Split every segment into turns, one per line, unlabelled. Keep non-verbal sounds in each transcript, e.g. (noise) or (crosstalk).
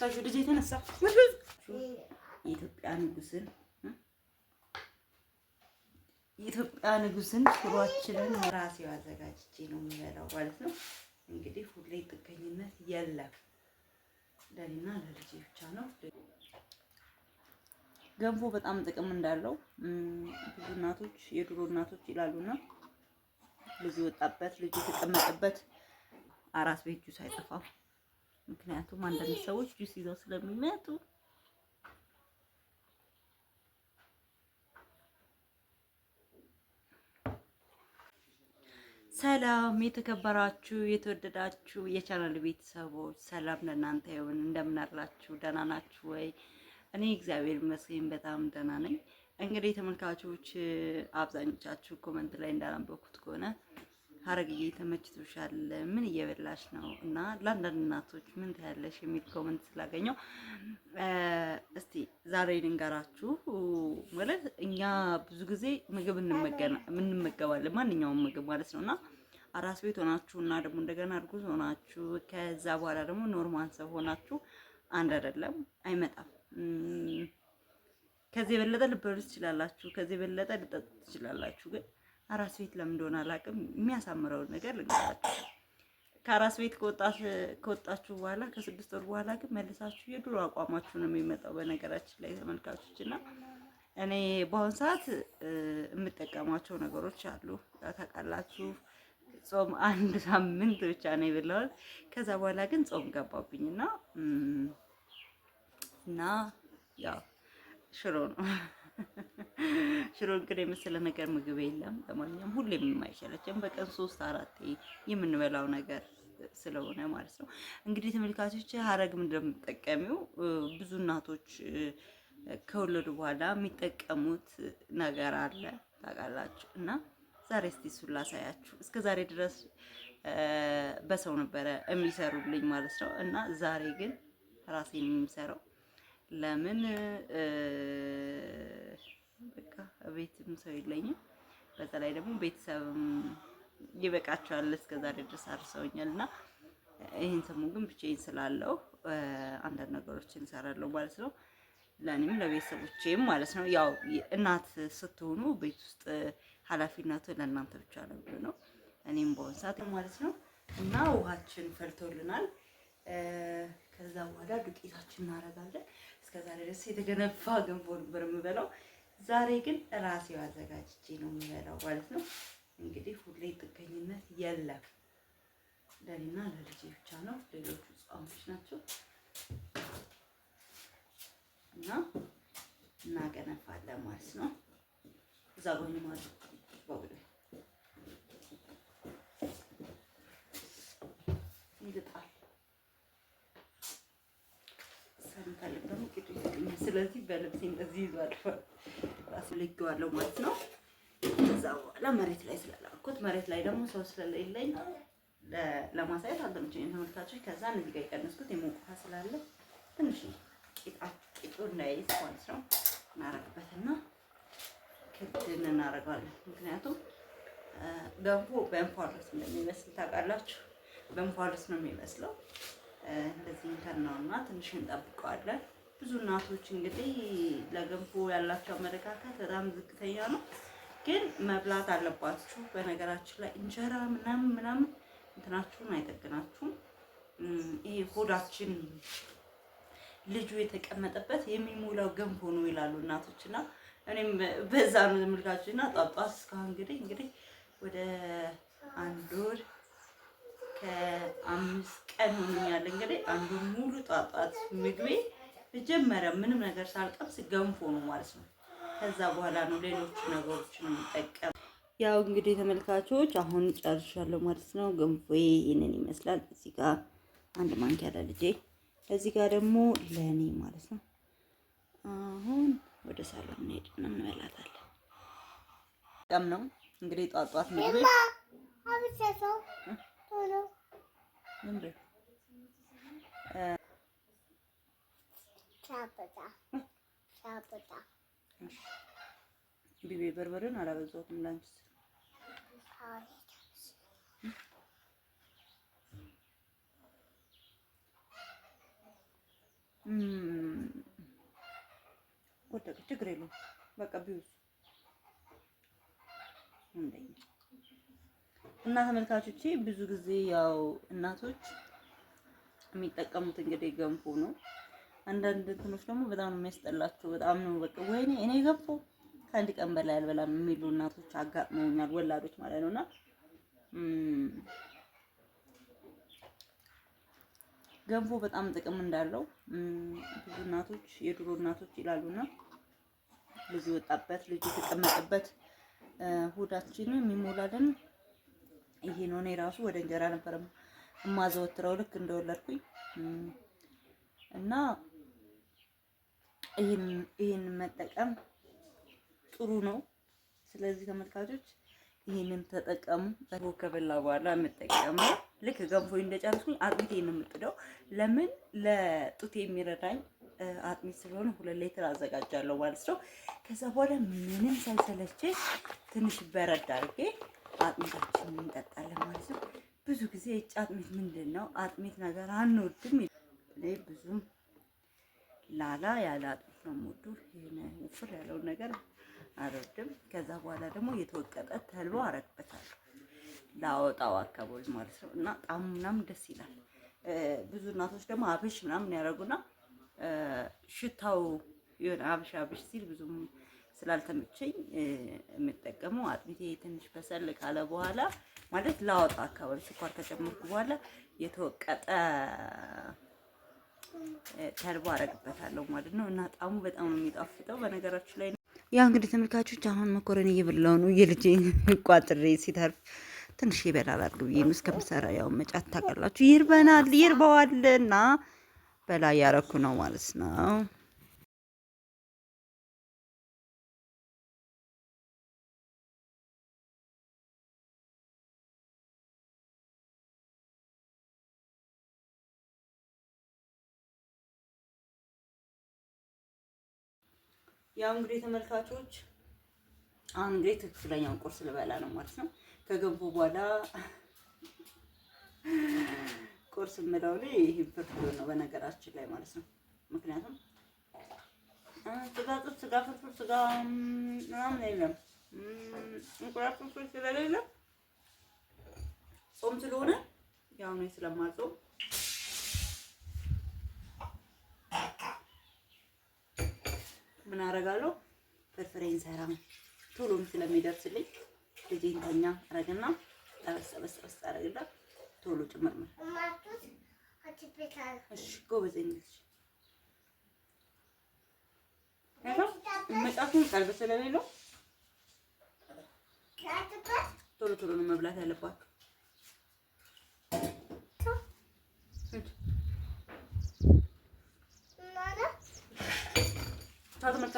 ከመጣችሁ ልጅ የተነሳ የኢትዮጵያ ንጉስን የኢትዮጵያ ንጉስን ሽሮአችንን ራሴው አዘጋጅቼ ነው የሚበላው ማለት ነው። እንግዲህ ሁሌ ጥገኝነት የለም። ለእኔና ብቻ ነው። ገንፎ በጣም ጥቅም እንዳለው ብዙ እናቶች የድሮ እናቶች ይላሉና ልጁ የወጣበት ልጁ የተቀመጠበት አራስ ቤጁ ሳይጠፋ ምክንያቱም አንዳንድ ሰዎች ጁስ ይዘው ስለሚመጡ ሰላም የተከበራችሁ የተወደዳችሁ የቻናል ቤተሰቦች ሰላም ለእናንተ ይሁን። እንደምን አላችሁ? ደህና ናችሁ ወይ? እኔ እግዚአብሔር ይመስገን በጣም ደህና ነኝ። እንግዲህ ተመልካቾች አብዛኞቻችሁ ኮመንት ላይ እንዳነበኩት ከሆነ ሀረግዬ ተመችቶሻል? ምን እየበላሽ ነው? እና ለአንዳንድ እናቶች ምን ትያለሽ የሚል ኮመንት ስላገኘው እስቲ ዛሬ ልንገራችሁ። ማለት እኛ ብዙ ጊዜ ምግብ እንመገባለን፣ ማንኛውም ምግብ ማለት ነው እና አራስ ቤት ሆናችሁ እና ደግሞ እንደገና እርጉዝ ሆናችሁ ከዛ በኋላ ደግሞ ኖርማል ሰው ሆናችሁ አንድ አይደለም፣ አይመጣም። ከዚህ የበለጠ ልበሉ ትችላላችሁ፣ ከዚህ የበለጠ ልጠጡ ትችላላችሁ ግን አራስ ቤት ለምን እንደሆነ አላውቅም፣ የሚያሳምረውን ነገር ልንገራችሁ። ከአራስ ቤት ከወጣችሁ በኋላ ከስድስት ወር በኋላ ግን መልሳችሁ የድሮ አቋማችሁ ነው የሚመጣው። በነገራችን ላይ ተመልካቾች እና እኔ በአሁኑ ሰዓት የምጠቀማቸው ነገሮች አሉ። ታውቃላችሁ ጾም አንድ ሳምንት ብቻ ነው ብለዋል። ከዛ በኋላ ግን ጾም ገባብኝና እና ያው ሽሮ ነው (laughs) ሽሮ እንግዲህ የመሰለ ነገር ምግብ የለም። ለማንኛውም ሁሌም የማይሻላችን በቀን ሶስት አራቴ የምንበላው ነገር ስለሆነ ማለት ነው። እንግዲህ ተመልካቾች ሀረግ እንደምጠቀሚው ብዙ እናቶች ከወለዱ በኋላ የሚጠቀሙት ነገር አለ ታውቃላችሁ። እና ዛሬ እስቲ እሱን ላሳያችሁ። እስከ ዛሬ ድረስ በሰው ነበረ የሚሰሩልኝ ማለት ነው። እና ዛሬ ግን ራሴን የሚሰራው ለምን በቃ ቤትም ሰው የለኝም። በተለይ ደግሞ ቤተሰብም ይበቃቸዋል እስከዛሬ ድረስ አርሰውኛል እና ይህን ሰሞን ግን ብቻዬን ስላለው አንዳንድ ነገሮችን እሰራለሁ ማለት ነው። ለእኔም ለቤተሰቦቼም ማለት ነው። ያው እናት ስትሆኑ ቤት ውስጥ ኃላፊነቱ ለእናንተ ብቻ ነው ነው እኔም በሆን ሰዓት ማለት ነው እና ውሃችን ፈልቶልናል። ከዛ በኋላ ዱቄታችን እናደርጋለን። እስከዛሬ ድረስ የተገነፋ ገንፎ ነበር የምበላው። ዛሬ ግን ራሴው አዘጋጅቼ ነው የምበላው ማለት ነው። እንግዲህ ሁሌ ጥገኝነት የለም። ለእኔና ለልጄ ብቻ ነው። ሌሎቹ ጾሞች ናቸው እና እናገነፋለን ማለት ነው። እዛ ጎን ማለት ይልጣል ስለዚህ በልብሴ እንደዚህ ይዟል አልፏል። ማለት ነው። ከዛ በኋላ መሬት ላይ ስላላኩት መሬት ላይ ደግሞ ሰው ስለሌለኝ ለማሳየት አልተመቸኝም ተመልካቾች። ከዛ እነዚህ ጋር የቀነስኩት የሞቀ ውሃ ስላለ ትንሽ ቂጡ እንዳይዝ ማለት ነው እናረግበትና ክድ እናረገዋለን። ምክንያቱም ገንፎ በእንፋሎት እንደሚመስል ታውቃላችሁ። በእንፋሎት ነው የሚመስለው። እንደዚህ እንከናውና ትንሽ እንጠብቀዋለን። ብዙ እናቶች እንግዲህ ለገንፎ ያላቸው አመለካከት በጣም ዝቅተኛ ነው፣ ግን መብላት አለባችሁ። በነገራችን ላይ እንጀራ ምናምን ምናምን እንትናችሁን አይጠግናችሁም። ይሄ ሆዳችን ልጁ የተቀመጠበት የሚሞላው ገንፎ ነው ይላሉ እናቶች እና እኔም በዛ ነው ተመልካች እና ጧጧት እስካሁን እንግዲህ እንግዲህ ወደ አንድ ወር ከአምስት ቀን ሆኖኛል። እንግዲህ አንዱ ሙሉ ጧጧት ምግቤ መጀመሪያ ምንም ነገር ሳልቀምስ ገንፎ ነው ማለት ነው። ከዛ በኋላ ነው ሌሎቹ ነገሮችን የምጠቀም። ያው እንግዲህ ተመልካቾች አሁን ጨርሻለሁ ማለት ነው። ገንፎዬ ይህንን ይመስላል። እዚህ ጋር አንድ ማንኪያ ለልጄ፣ እዚህ ጋር ደግሞ ለእኔ ማለት ነው። አሁን ወደ ሳሎን እንሄድና እንበላታለን። ቀም ነው እንግዲህ ጧጧት ምግብ ቢቤ በርበሬን አላበዛሁትም ላንቺ ወደቀ ችግር የለውም። በቃ ቢውስ እና ተመልካቾቼ ብዙ ጊዜ ያው እናቶች የሚጠቀሙት እንግዲህ ገንፎ ነው። አንዳንድ እንትኖች ደግሞ በጣም ነው የሚያስጠላቸው። በጣም ነው በቃ ወይኔ እኔ ገፎ ከአንድ ቀን በላይ አልበላም የሚሉ እናቶች አጋጥመውኛል፣ ወላዶች ማለት ነውና ገንፎ በጣም ጥቅም እንዳለው ብዙ እናቶች የድሮ እናቶች ይላሉና ልጅ የወጣበት ልጅ የተቀመጠበት ሆዳችን የሚሞላልን ይሄ ነው። እኔ ራሱ ወደ እንጀራ ነበር የማዘወትረው ልክ እንደወለድኩኝ እና ይህንን መጠቀም ጥሩ ነው። ስለዚህ ተመልካቾች ይህንን ተጠቀሙ። ከበላ በኋላ የምጠቀመው ልክ ገንፎ እንደጨረስኩኝ አጥሚቴ ነው የምጥደው። ለምን ለጡቴ የሚረዳኝ አጥሚት ስለሆነ ሁለት ሌትር አዘጋጃለሁ ማለት ነው። ከዛ በኋላ ምንም ሳይሰለቼ ትንሽ በረድ አድርጌ አጥሚታችንን እንጠጣለን ማለት ነው። ብዙ ጊዜ እጭ አጥሚት ምንድን ነው አጥሚት ነገር አንወድም። ብዙም ላላ ያለ አጥሚት ነው ይሄን ውፍር ያለውን ነገር አልወድም። ከዛ በኋላ ደግሞ የተወቀጠ ተልቦ አረግበታለሁ ላወጣው አካባቢ ማለት ነው እና ጣዕሙ ምናምን ደስ ይላል። ብዙ እናቶች ደግሞ አብሽ ምናምን ያደርጉና ሽታው የሆነ አብሽ አብሽ ሲል ብዙም ስላልተመቸኝ የምጠቀመው አጥሚቴ ትንሽ በሰል ካለ በኋላ ማለት ላወጣ አካባቢ ስኳር ከጨመርኩ በኋላ የተወቀጠ ተልቦ አረግበታለሁ ማለት ነው። እና ጣሙ በጣም ነው የሚጣፍጠው በነገራችሁ ላይ ያ እንግዲህ ተመልካቾች አሁን መኮረኒ እየበላው ነው። ቋጥሬ ሲተርፍ ትንሽ ይህም እስከምሰራ ያው መጫት ታውቃላችሁ፣ ይርበናል ይርበዋል እና በላይ ያረኩ ነው ማለት ነው። ያው እንግዲህ ተመልካቾች አሁን እንግዲህ ትክክለኛውን ቁርስ ልበላ ነው ማለት ነው። ከገንፎ በኋላ ቁርስ የምለው ላይ ይህ ፍርፍር ነው በነገራችን ላይ ማለት ነው። ምክንያቱም ስጋ ጥብስ፣ ስጋ ፍርፍር፣ ስጋ ምናምን የለም እንቁላል ፍርፍር ስለሌለ ጾም ስለሆነ ያው እኔ ስለማልጾም ምን አደርጋለሁ ፍርፍሬን ሰራ ቶሎም ስለሚደርስልኝ ልጄን ተኛ አረግና ጠበስጠበስጠበስ አረግና ቶሎ ጭምር ነው። እሺ ጎበዘኝ። መጫቱን ቀልብ ስለሌለው ቶሎ ቶሎ ነው መብላት ያለባችሁ።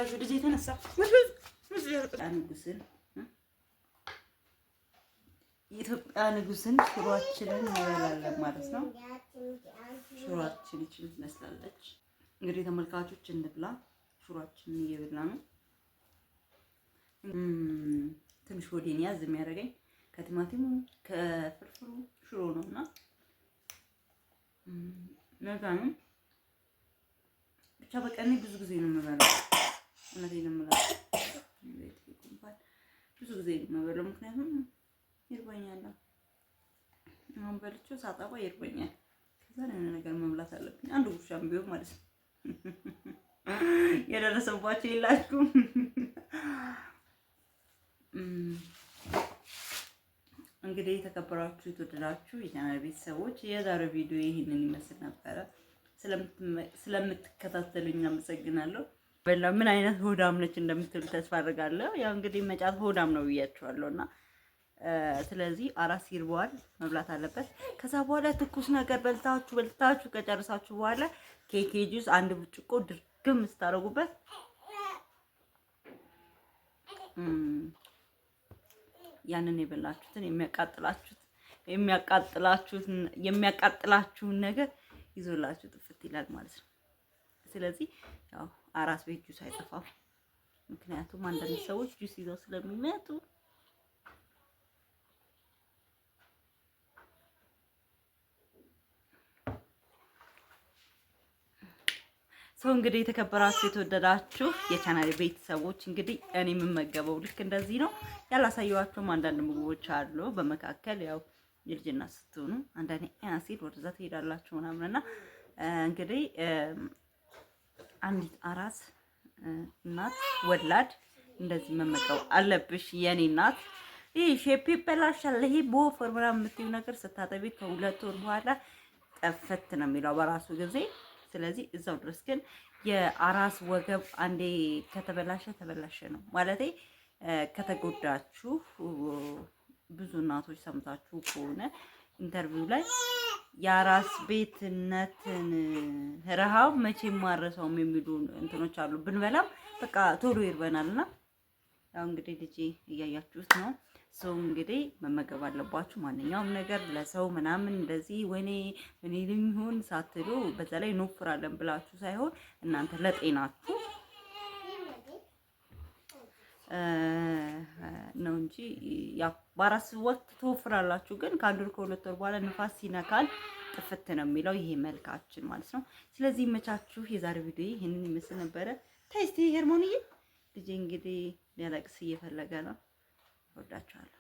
ከአስፈላጊው ልጅ የተነሳ ንጉስን የኢትዮጵያ ንጉስን ሽሯችንን እንበላለን ማለት ነው። ሽሯችን ይችን ትመስላለች። እንግዲህ ተመልካቾች እንብላ። ሽሯችንን እየበላ ነው። ትንሽ ወዴን ያዝ የሚያደርገኝ ከቲማቲሙ ከፍርፍሩ ሽሮ ነው እና ነው ብቻ በቀኔ ብዙ ጊዜ ነው የምበላው። እውነቴን እምላችሁ ብዙ ጊዜ የምበለው ምክንያቱም ይርበኛል። አሁን በልቼው ሳጠባ ይርበኛል። ከዛ ነው ነገር መብላት አለብኝ፣ አንድ ጉርሻም ቢሆን ማለት ነው። የደረሰባቸው የላችሁም? እንግዲህ የተከበራችሁ የተወደዳችሁ የቻናል ቤተሰቦች የዛሬው ቪዲዮ ይህንን ይመስል ነበረ። ስለምትከታተሉኝ አመሰግናለሁ። በላ ምን አይነት ሆዳም ነች እንደምትሉ ተስፋ አድርጋለሁ። ያው እንግዲህ መጫት ሆዳም ነው ብያችኋለሁ እና ስለዚህ አራት በዋል መብላት አለበት። ከዛ በኋላ ትኩስ ነገር በልታችሁ በልታችሁ ከጨረሳችሁ በኋላ ኬኬ ጁስ አንድ ብርጭቆ ድርግም ስታደርጉበት ያንን የበላችሁትን የሚያቃጥላችሁት የሚያቃጥላችሁትን የሚያቃጥላችሁን ነገር ይዞላችሁ ጥፍት ይላል ማለት ነው። ስለዚህ ያው አራስ ቤት ጁስ አይጠፋም። ምክንያቱም አንዳንድ ሰዎች ጁስ ይዘው ስለሚመጡ ሰው እንግዲህ የተከበራችሁ የተወደዳችሁ የቻናል ቤተሰቦች እንግዲህ እኔ የምመገበው ልክ እንደዚህ ነው። ያላሳየኋቸውም አንዳንድ ምግቦች አሉ። በመካከል ያው የልጅና ስትሆኑ አንዳንድ አሲድ ወደዛ ትሄዳላችሁ ምናምንና እንግዲህ አንዲት አራስ እናት ወላድ እንደዚህ መመቀው አለብሽ የኔ እናት። ይህ ሼፕ ይበላሻል፣ ይሄ በወፈር ምናምን የምትይው ነገር ስታጠቢ ከሁለት ወር በኋላ ጠፈት ነው የሚለው በራሱ ጊዜ። ስለዚህ እዛው ድረስ ግን የአራስ ወገብ አንዴ ከተበላሸ ተበላሸ ነው ማለት ከተጎዳችሁ ብዙ እናቶች ሰምታችሁ ከሆነ ኢንተርቪው ላይ የአራስ ቤትነትን ረሃብ መቼ ማረሰውም የሚሉ እንትኖች አሉ። ብንበላም በቃ ቶሎ ይርበናል እና ያው እንግዲህ ልጄ እያያችሁት ነው። ሰው እንግዲህ መመገብ አለባችሁ። ማንኛውም ነገር ለሰው ምናምን እንደዚህ ወኔ ወኔ ልሚሆን ሳትሉ በዛ ላይ እንወፍራለን ብላችሁ ሳይሆን እናንተ ለጤናችሁ ነው እንጂ ያው በአራስ ወቅት ትወፍራላችሁ፣ ግን ከአንድ ወር ከሁለት ወር በኋላ ንፋስ ሲነካል ጥፍት ነው የሚለው ይሄ መልካችን ማለት ነው። ስለዚህ መቻችሁ። የዛሬው ቪዲዮ ይህንን ይመስል ነበረ። ታይስቲ ሄርሞንዬ ልጄ እንግዲህ ሊያለቅስ እየፈለገ ነው። እወዳችኋለሁ።